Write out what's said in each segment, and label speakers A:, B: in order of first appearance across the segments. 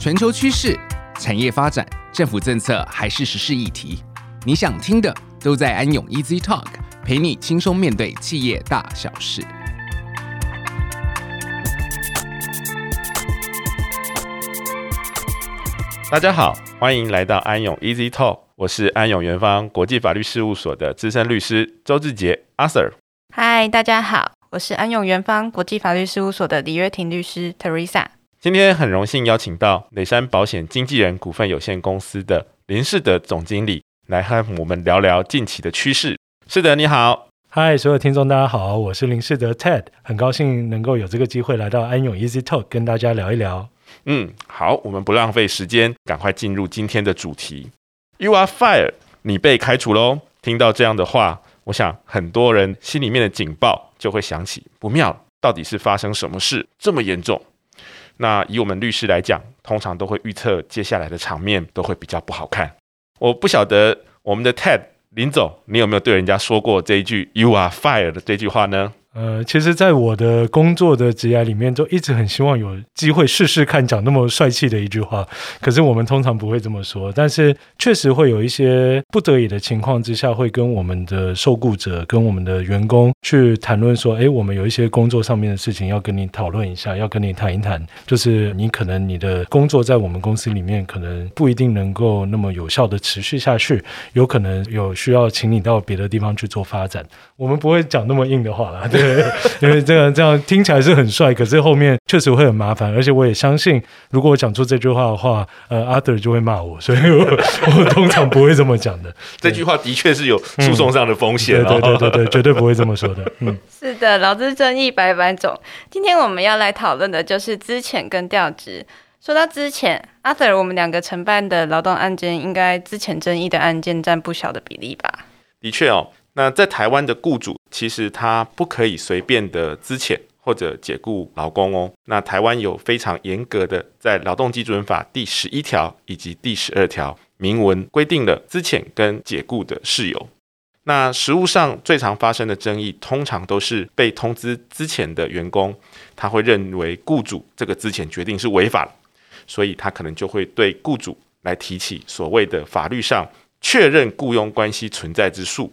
A: 全球趨勢、產業發展、政府政策還是時事議題，你想聽的都在安永 Easy Talk，陪你輕鬆面對企業大小事。大家好，歡迎來到安永 Easy Talk，我是安永圓方國際法律事務所的資深律師周志潔 Arthur。
B: 嗨，大家好，我是安永圓方國際法律事務所的李岳庭律師 Teresa。
A: 今天很榮幸邀請到磊山保險經紀人股份有限公司的林世德總經理來和我們聊聊近期的趨勢。是的，你好，
C: 嗨，所有聽眾大家好，我是林世德 Ted，很高興能夠有這個機會來到安永 Easy Talk 跟大家聊一聊。
A: 嗯，好，我們不浪費時間，趕快進入今天的主題。You are fired，你被開除嘍！聽到這樣的話，我想很多人心裡面的警報就會響起，不妙，到底是發生什麼事這麼嚴重？那以我們律師來講，通常都會預測接下來的場面都會比較不好看。我不曉得我們的 Ted 林總，你有沒有對人家說過這一句 “You are fired” 的這句話呢？
C: 呃，其實，在我的工作的職涯裡面，就一直很希望有機會試試看講那麼帥氣的一句話。可是我們通常不會這麼說，但是確實會有一些不得已的情況之下，會跟我們的受僱者、跟我們的員工去談論說：“誒，我們有一些工作上面的事情要跟你討論一下，要跟你談一談，就是你可能你的工作在我們公司裡面可能不一定能夠那麼有效地持續下去，有可能有需要請你到別的地方去做發展。我們不會講那麼硬的話啦。” 對，因為這樣這樣聽起來是很帥，可是後面確實會很麻煩，而且我也相信，如果我講出這句話的話，呃，阿德就會罵我，所以我,我通常不會這麼講的。
A: 這句話的確是有訴訟上的風險。嗯，對對對對對， 絕對不
C: 會這麼說的。嗯，
B: 是的，勞資爭議百百種，今天我們要來討論的就是資遣跟調職。說到資遣，阿德，我們兩個承辦的勞動案件，應該資遣爭議的案件占不小的比例吧？
A: 的確哦。那在台灣的雇主，其實他不可以隨便的資遣或者解雇勞工哦。那台灣有非常嚴格的在，在勞動基準法第十一條以及第十二條明文規定了資遣跟解雇的事由。那實務上最常發生的爭議，通常都是被通知資遣的員工，他會認為雇主這個資遣決定是違法，所以他可能就會對雇主來提起所謂的法律上。確認僱傭關係存在之訴，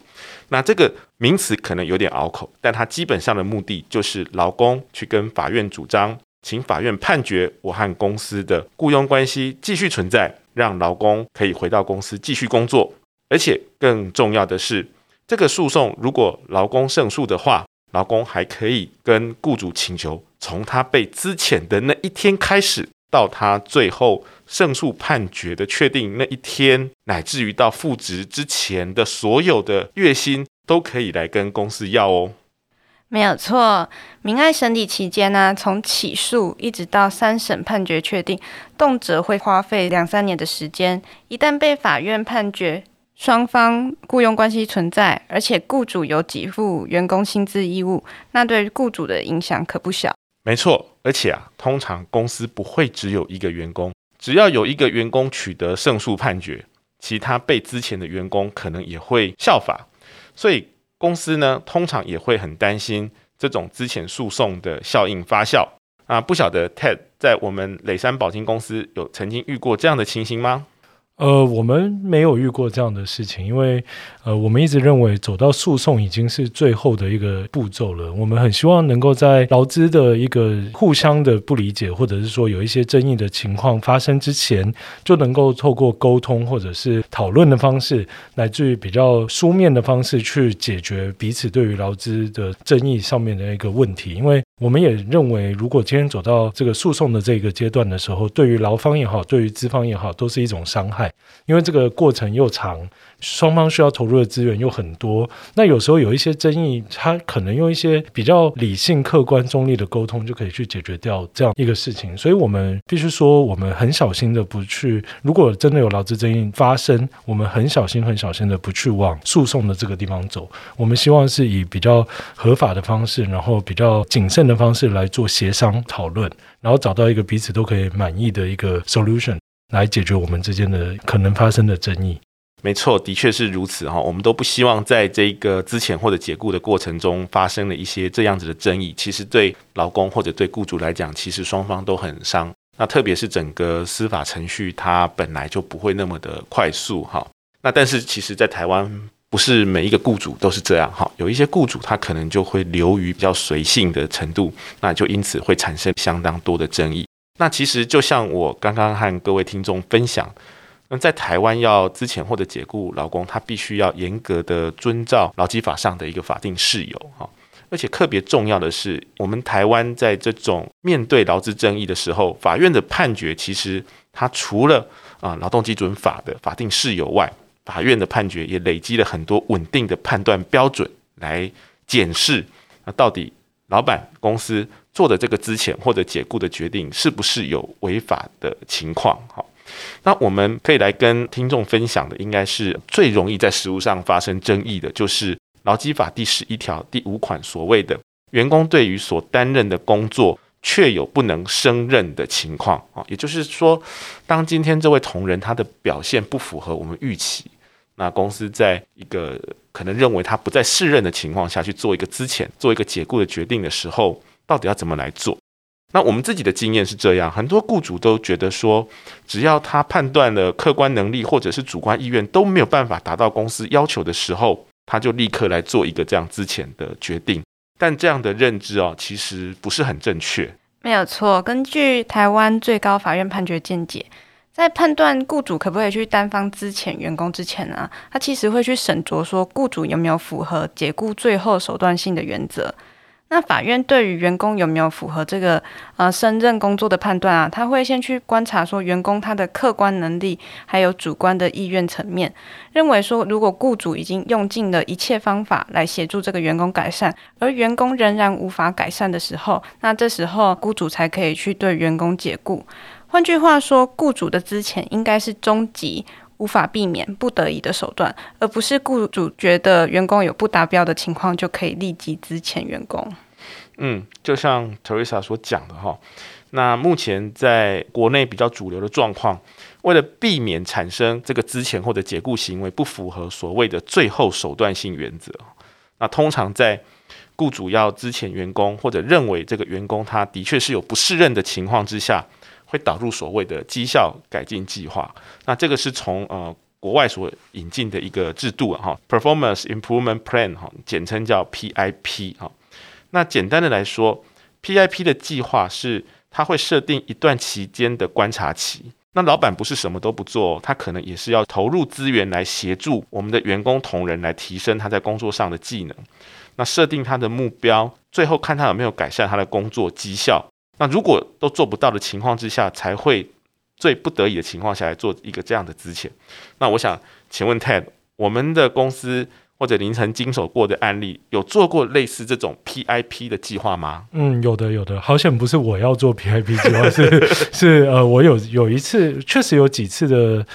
A: 那這個名詞可能有點拗口，但它基本上的目的就是勞工去跟法院主張，請法院判決我和公司的僱傭關係繼續存在，讓勞工可以回到公司繼續工作。而且更重要的是，這個訴訟如果勞工勝訴的話，勞工還可以跟雇主請求從他被資遣的那一天開始。到他最後勝訴判決的確定那一天，乃至於到復職之前的所有的月薪，都可以來跟公司要哦。
B: 沒有錯，民愛審理期間呢、啊，從起訴一直到三審判決確定，動輒會花費兩三年的時間。一旦被法院判決，雙方僱傭關係存在，而且僱主有給付員工薪資義務，那對僱主的影響可不
A: 小。沒錯，而且啊，通常公司不會只有一個員工，只要有一個員工取得勝訴判決，其他被資遣的員工可能也會效法，所以公司呢通常也會很擔心這種資遣訴訟的效應發酵啊。不曉得 Ted 在我們磊山保經公司有曾經遇過這樣的情形嗎？
C: 呃，我們沒有遇過這樣的事情，因為呃，我們一直認為走到訴訟已經是最後的一個步驟了。我們很希望能夠在勞資的一個互相的不理解，或者是說有一些爭議的情況發生之前，就能夠透過溝通或者是討論的方式，乃至於比較書面的方式去解決彼此對於勞資的爭議上面的一個問題，因為。我們也認為，如果今天走到這個訴訟的這個階段的時候，對於勞方也好，對於資方也好，都是一種傷害，因為這個過程又長。雙方需要投入的資源又很多，那有時候有一些爭議，他可能用一些比較理性、客觀、中立的溝通就可以去解決掉這樣一個事情。所以我們必須說，我們很小心的不去，如果真的有勞資爭議發生，我們很小心、很小心的不去往訴訟的這個地方走。我們希望是以比較合法的方式，然後比較謹慎的方式來做協商討論，然後找到一個彼此都可以滿意的一個 solution 來解決我們之間的可能發生的爭議。
A: 沒錯，的確是如此哈。我們都不希望在這個資遣或者解雇的過程中發生了一些這樣子的爭議。其實對勞工或者對雇主來講，其實雙方都很傷。那特別是整個司法程序，它本來就不會那麼的快速哈。那但是，其實在台灣，不是每一個雇主都是這樣哈。有一些雇主，他可能就會流於比較隨性的程度，那就因此會產生相當多的爭議。那其實就像我剛剛和各位聽眾分享。那在台灣要資遣或者解雇勞工，他必須要嚴格的遵照勞基法上的一個法定事由哈，而且特別重要的是，我們台灣在這種面對勞資爭議的時候，法院的判決其實它除了啊勞動基準法的法定事由外，法院的判決也累積了很多穩定的判斷標準來檢視那、啊、到底老闆公司做的這個資遣或者解雇的決定是不是有違法的情況哈。那我們可以來跟聽眾分享的，應該是最容易在實務上發生爭議的，就是勞基法第十一條第五款所謂的員工對於所擔任的工作確有不能勝任的情況啊，也就是說，當今天這位同仁他的表現不符合我們預期，那公司在一個可能認為他不再適任的情況下去做一個資遣、做一個解雇的決定的時候，到底要怎麼來做？那我們自己的經驗是這樣，很多雇主都覺得說，只要他判斷了客觀能力或者是主觀意願都沒有辦法達到公司要求的時候，他就立刻來做一個這樣資遣的決定。但這樣的認知哦，其實不是很正確。
B: 沒有錯，根據台灣最高法院判決見解，在判斷雇主可不可以去單方資遣員工之前呢、啊，他其實會去審酌說雇主有沒有符合解僱最後手段性的原則。那法院對於員工有沒有符合這個呃勝任工作的判斷啊，他會先去觀察說員工他的客觀能力，還有主觀的意願層面，認為說，如果雇主已經用盡了一切方法來協助這個員工改善，而員工仍然無法改善的時候，那這時候雇主才可以去對員工解雇。換句話說，雇主的資遣應該是終極。無法避免、不得已的手段，而不是雇主覺得員工有不達標的情況就可以立即資遣員工。
A: 嗯，就像 Teresa 所講的哈，那目前在國內比較主流的狀況，為了避免產生這個資遣或者解雇行為不符合所謂的最後手段性原則，那通常在雇主要資遣員工或者認為這個員工他的確是有不適任的情況之下，會導入所謂的績效改進計劃，那這個是從呃國外所引進的一個制度啊哈、哦，Performance Improvement Plan 哈、哦，簡稱叫 PIP 哈、哦。那簡單的來說，PIP 的計劃是它會設定一段期間的觀察期。那老板不是什麼都不做，他可能也是要投入資源來協助我們的員工同仁來提升他在工作上的技能，那設定他的目標，最後看他有沒有改善他的工作績效。那如果都做不到的情況之下，才會最不得已的情況下來做一個這樣的資遣。那我想請問 Ted，我們的公司或者您曾經手過的案例，有做過類似這種 PIP 的計劃嗎？
C: 嗯，有的，有的。好險不是我要做 PIP 計劃，是是呃，我有有一次，確實有幾次的。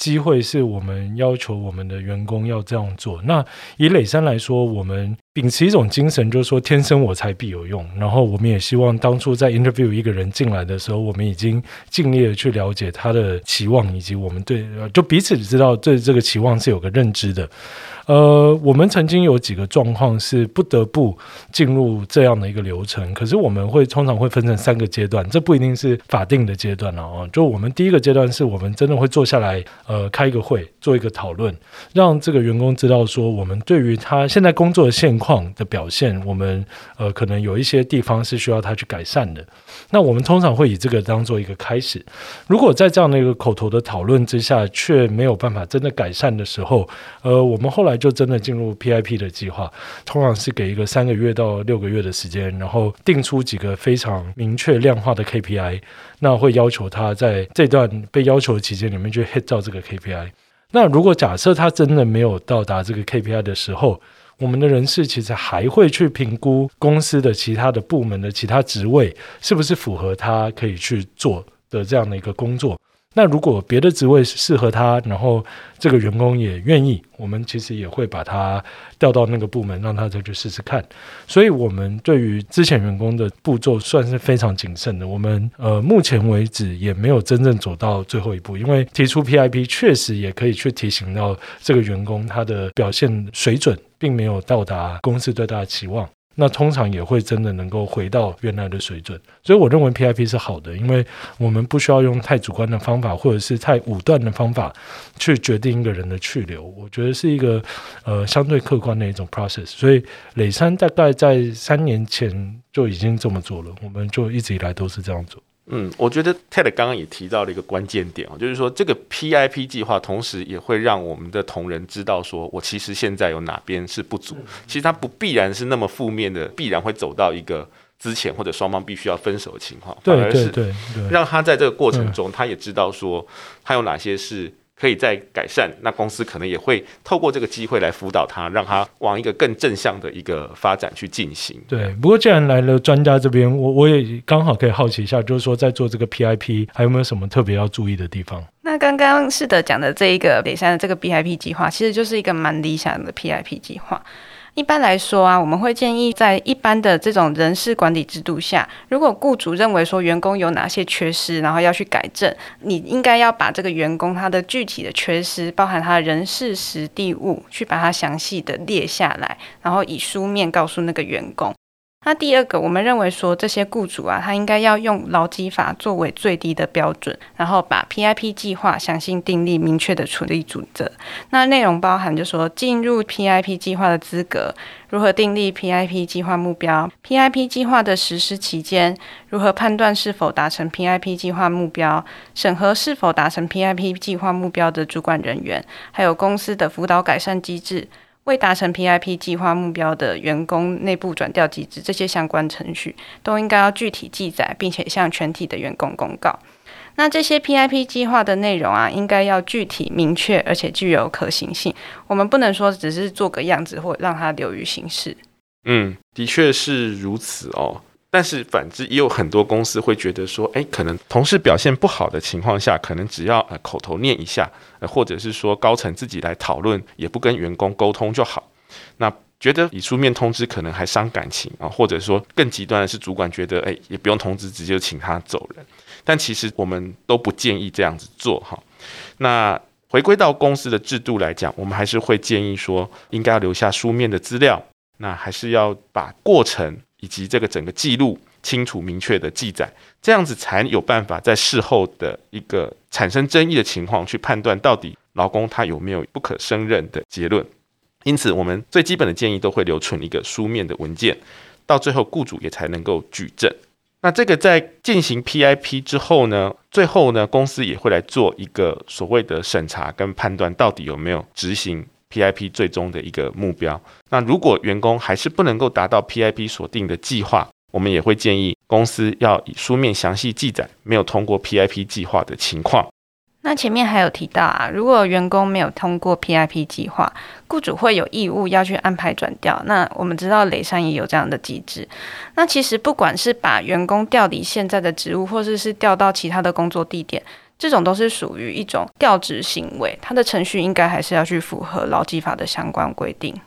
C: 機會是我們要求我們的員工要這樣做。那以磊山來說，我們秉持一種精神，就是說“天生我材必有用”。然後，我們也希望當初在 interview 一個人進來的時候，我們已經盡力的去了解他的期望，以及我們對就彼此知道對這個期望是有個認知的。呃，我們曾經有幾個狀況是不得不進入這樣的一個流程，可是我們會通常會分成三個階段，這不一定是法定的階段了啊。就我們第一個階段是我們真的會坐下來。呃，開一個會，做一個討論，讓這個員工知道說，我們對於他現在工作的現況的表現，我們呃可能有一些地方是需要他去改善的。那我們通常會以這個當做一個開始。如果在這樣的一個口頭的討論之下，卻沒有辦法真的改善的時候，呃，我們後來就真的進入 P I P 的計劃，通常是給一個三個月到六個月的時間，然後定出幾個非常明確量化的 K P I，那會要求他在這段被要求的期間裡面去 hit 到這個。這個 KPI，那如果假設他真的沒有到達這個 KPI 的時候，我們的人事其實還會去評估公司的其他的部門的其他職位，是不是符合他可以去做的這樣的一個工作。那如果別的職位適合他，然後這個員工也願意，我們其實也會把他調到那個部門，讓他再去試試看。所以我們對於資遣員工的步驟算是非常謹慎的。我們呃目前為止也沒有真正走到最後一步，因為提出 PIP 確實也可以去提醒到這個員工他的表現水準，並沒有到達公司對他的期望。那通常也會真的能夠回到原來的水準，所以我認為 PIP 是好的，因為我們不需要用太主觀的方法，或者是太武斷的方法去決定一個人的去留。我覺得是一個呃相對客觀的一種 process。所以，磊山大概在三年前就已經這麼做了，我們就一直以來都是這樣做。
A: 嗯，我覺得 Ted 剛剛也提到了一個關鍵點哦，就是說這個 PIP 計劃同時也會讓我們的同仁知道，說我其實現在有哪邊是不足。其實他不必然是那麼負面的，必然會走到一個資遣或者雙方必須要分手的情況，反而對對對，讓他在這個過程中，他也知道說他有哪些是可以再改善，那公司可能也會透過這個機會來輔導他，讓他往一個更正向的一個發展去進行。
C: 對，不過既然來了專家這邊，我我也剛好可以好奇一下，就是說在做這個 PIP 還有沒有什麼特別要注意的地方？
A: 那
B: 剛剛世德講的這一個磊山這個 PIP 計劃，其實就是一個蠻理想的 PIP 計劃。一般來說啊，我們會建議在一般的這種人事管理制度下，如果雇主認為說員工有哪些缺失，然後要去改正，你應該要把這個員工他的具體的缺失，包含他的人、事、時、地、物，去把它詳細的列下來，然後以書面告訴那個員工。那第二個，我們認為說，這些雇主啊，他應該要用勞基法作為最低的標準，然後把 PIP 計劃詳細訂立明確的處理準則。那內容包含就說，進入 PIP 計劃的資格，如何訂立 PIP 計劃目標，PIP 計劃的實施期間，如何判斷是否達成 PIP 計劃目標，審核是否達成 PIP 計劃目標的主管人員，還有公司的輔導改善機制。未達成 PIP 計劃目標的員工內部轉調機制，這些相關程序都應該要具體記載，並且向全體的員工公告。那這些 PIP 計劃的內容啊，應該要具體明確，而且具有可行性。我們不能說只是做個樣子，或讓它流於形式。
A: 嗯，的確是如此哦。但是反之，也有很多公司會覺得說，哎，可能同事表現不好的情況下，可能只要呃口頭念一下，呃，或者是說高層自己來討論，也不跟員工溝通就好。那覺得以書面通知可能還傷感情啊，或者說更極端的是，主管覺得，哎，也不用通知，直接就請他走人。但其實我們都不建議這樣子做哈。那回歸到公司的制度來講，我們還是會建議說，應該要留下書面的資料，那還是要把過程。以及這個整個記錄清楚明確的記載，這樣子才有辦法在事後的一個產生爭議的情況去判斷到底勞工他有沒有不可勝任的結論。因此，我們最基本的建議都會留存一個書面的文件，到最後僱主也才能夠舉證。那這個在進行 PIP 之後呢，最後呢，公司也會來做一個所謂的審查跟判斷，到底有沒有執行 PIP 最終的一個目標。那如果員工還是不能夠達到 PIP 所定的計劃，我們也會建議公司要以書面詳細記載沒有通過 PIP 計劃的情況。
B: 那前面還有提到啊，如果員工沒有通過 PIP 計劃，雇主會有義務要去安排轉調。那我們知道磊山也有這樣的機制。那其實不管是把員工調離現在的職務，或者是，是調到其他的工作地點。這種都是屬於一種調職行為，它的程序應該還是要去符合勞基法的相關規定。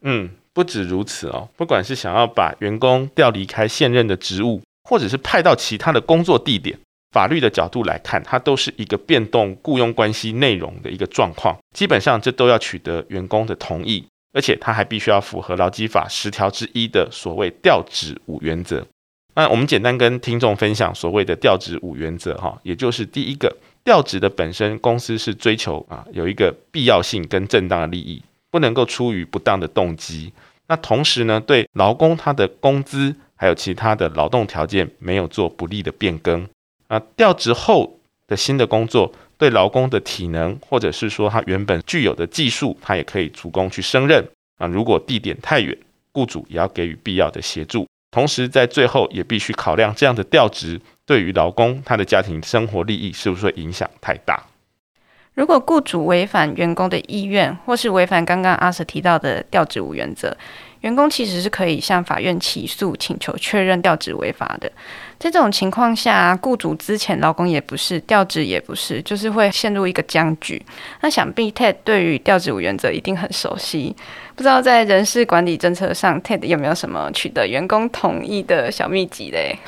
A: 嗯，不止如此哦，不管是想要把員工調離開現任的職務，或者是派到其他的工作地點，法律的角度來看，它都是一個變動僱傭關係內容的一個狀況。基本上，這都要取得員工的同意，而且它還必須要符合勞基法十條之一的所謂調職五原則。那我們簡單跟聽眾分享所謂的調職五原則哈、哦，也就是第一個調職的本身公司是追求啊，有一個必要性跟正當的利益，不能夠出於不當的動機。那同時呢，對勞工他的工資還有其他的勞動條件沒有做不利的變更啊。調職後的新的工作對勞工的體能或者是說他原本具有的技術，他也可以足夠去勝任啊。如果地點太遠，雇主也要給予必要的協助。同時，在最後也必須考量這樣的調職對於勞工他的家庭生活利益是不是會影響太大。
B: 如果雇主違反員工的意願，或是違反剛剛阿 Sir 提到的調職五原則，員工其實是可以向法院起訴，請求確認調職違法的。在這種情況下，雇主之前勞工也不是調職也不是，就是會陷入一個僵局。那想必 Ted 對於調職五原則一定很熟悉。不知道在人事管理政策上，Ted 有沒有什麼取得員工同意的小秘籍嘞？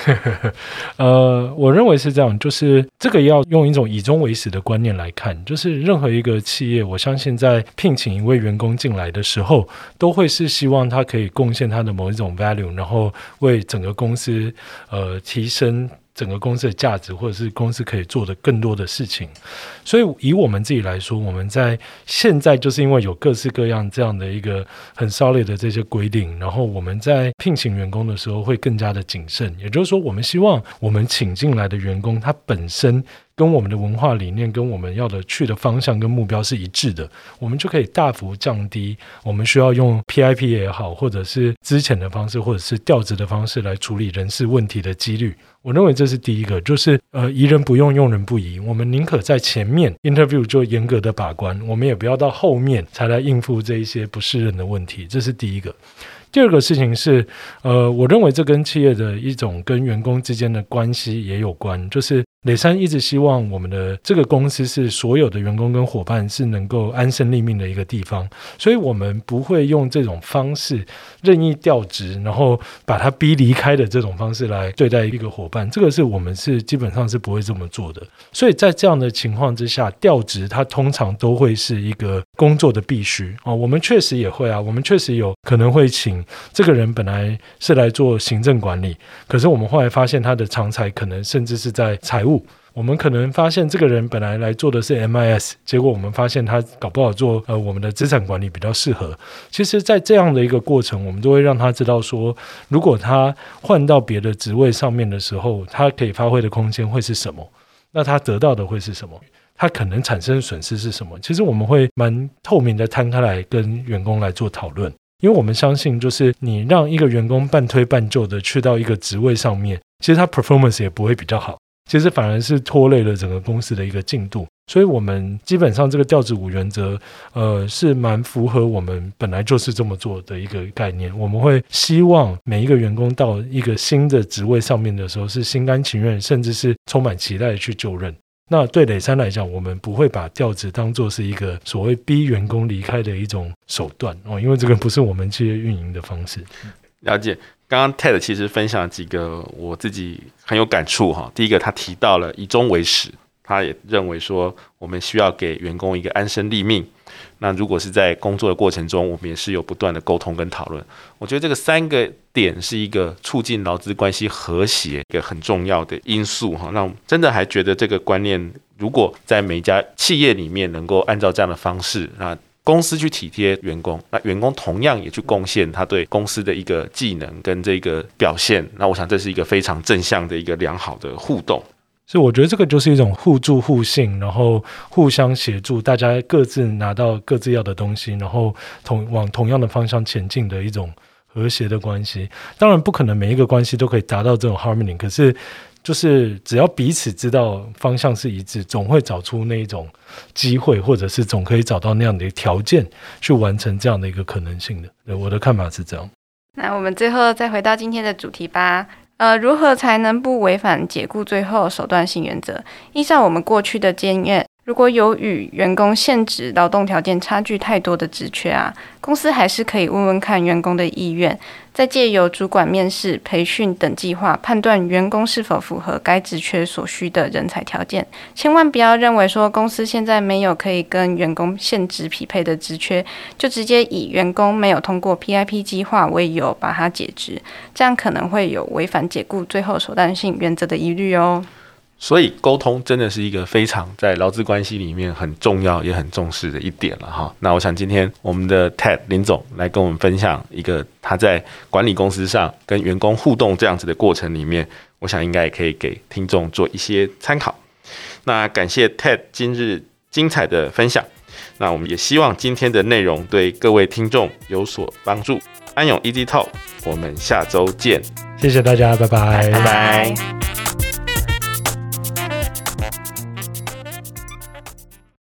C: 呃，我認為是這樣，就是這個要用一種以終為始的觀念來看，就是任何一個企業，我相信在聘請一位員工進來的時候，都會是希望他可以貢獻他的某一種 value，然後為整個公司呃提升。整個公司的價值，或者是公司可以做的更多的事情。所以，以我們自己來說，我們在現在就是因為有各式各樣這樣的一個很 solid 的這些規定，然後我們在聘請員工的時候會更加的謹慎。也就是說，我們希望我們請進來的員工，他本身跟我們的文化理念、跟我們要的去的方向跟目標是一致的，我們就可以大幅降低我們需要用 PIP 也好，或者是資遣的方式，或者是調職的方式來處理人事問題的幾率。我認為這是第一個，就是呃，疑人不用，用人不疑。我們寧可在前面 interview 做嚴格的把關，我們也不要到後面才來應付這一些不適任的問題。這是第一個。第二個事情是，呃，我認為這跟企業的一種跟員工之間的關係也有關。就是磊山一直希望我們的這個公司是所有的員工跟伙伴是能夠安身立命的一個地方，所以我們不會用這種方式任意調職，然後把他逼離開的這種方式來對待一個伙伴。這個是我們是基本上是不會這麼做的。所以在這樣的情況之下，調職它通常都會是一個工作的必須啊、哦。我們確實也會啊，我們確實有可能會請。這個人本來是來做行政管理，可是我們後來發現他的長才可能甚至是在財務。我們可能發現這個人本來來做的是 MIS，結果我們發現他搞不好做呃，我們的資產管理比較適合。其實，在這樣的一個過程，我們都會讓他知道說，如果他換到別的職位上面的時候，他可以發揮的空間會是什麼，那他得到的會是什麼，他可能產生的損失是什麼。其實我們會蠻透明的攤開來跟員工來做討論。因為我們相信，就是你讓一個員工半推半就的去到一個職位上面，其實他 performance 也不會比較好，其實反而是拖累了整個公司的一個進度。所以，我們基本上這個調職五原則，呃，是蠻符合我們本來就是這麼做的一個概念。我們會希望每一個員工到一個新的職位上面的時候，是心甘情願，甚至是充滿期待去就任。那對磊山來講，我們不會把調職當做是一個所謂逼員工離開的一種手段哦，因為這個不是我們這些運營的方式。
A: 了解，剛剛 Ted 其實分享了幾個我自己很有感觸哈。第一個，他提到了以終為始，他也認為說我們需要給員工一個安身立命。那如果是在工作的過程中，我們也是有不斷的溝通跟討論。我覺得這個三個點是一個促進勞資關係和諧的一個很重要的因素哈。那我真的還覺得這個觀念，如果在每一家企業裡面能夠按照這樣的方式，那公司去體貼員工，那員工同樣也去貢獻他對公司的一個技能跟這個表現。那我想這是一個非常正向的一個良好的互動。
C: 所以我覺得這個就是一種互助互信，然後互相協助，大家各自拿到各自要的東西，然後同往同樣的方向前進的一種和諧的關係。當然不可能每一個關係都可以達到這種 harmony，可是就是只要彼此知道方向是一致，總會找出那一種機會，或者是總可以找到那樣的條件去完成這樣的一個可能性的。對，我的看法是這樣。
B: 那我們最後再回到今天的主題吧。呃，如何才能不違反解雇最後手段性原則？依照我們過去的經驗，如果有與員工現職勞動條件差距太多的職缺啊，公司還是可以問問看員工的意願。再借由主管面試、培訓等計劃，判斷員工是否符合該職缺所需的人才條件。千萬不要認為說公司現在沒有可以跟員工現職匹配的職缺，就直接以員工沒有通過 PIP 計劃為由把他解職，這樣可能會有違反解僱最後手段性原則的疑慮哦。
A: 所以溝通真的是一個非常在勞資關係裡面很重要也很重視的一點了哈。那我想今天我們的 Ted 林總來跟我們分享一個他在管理公司上跟員工互動這樣子的過程裡面，我想應該也可以給聽眾做一些參考。那感謝 Ted 今日精彩的分享。那我們也希望今天的內容對各位聽眾有所幫助。安永 EDTalk，我們下週見。
C: 謝謝大家，拜拜，
A: 拜拜。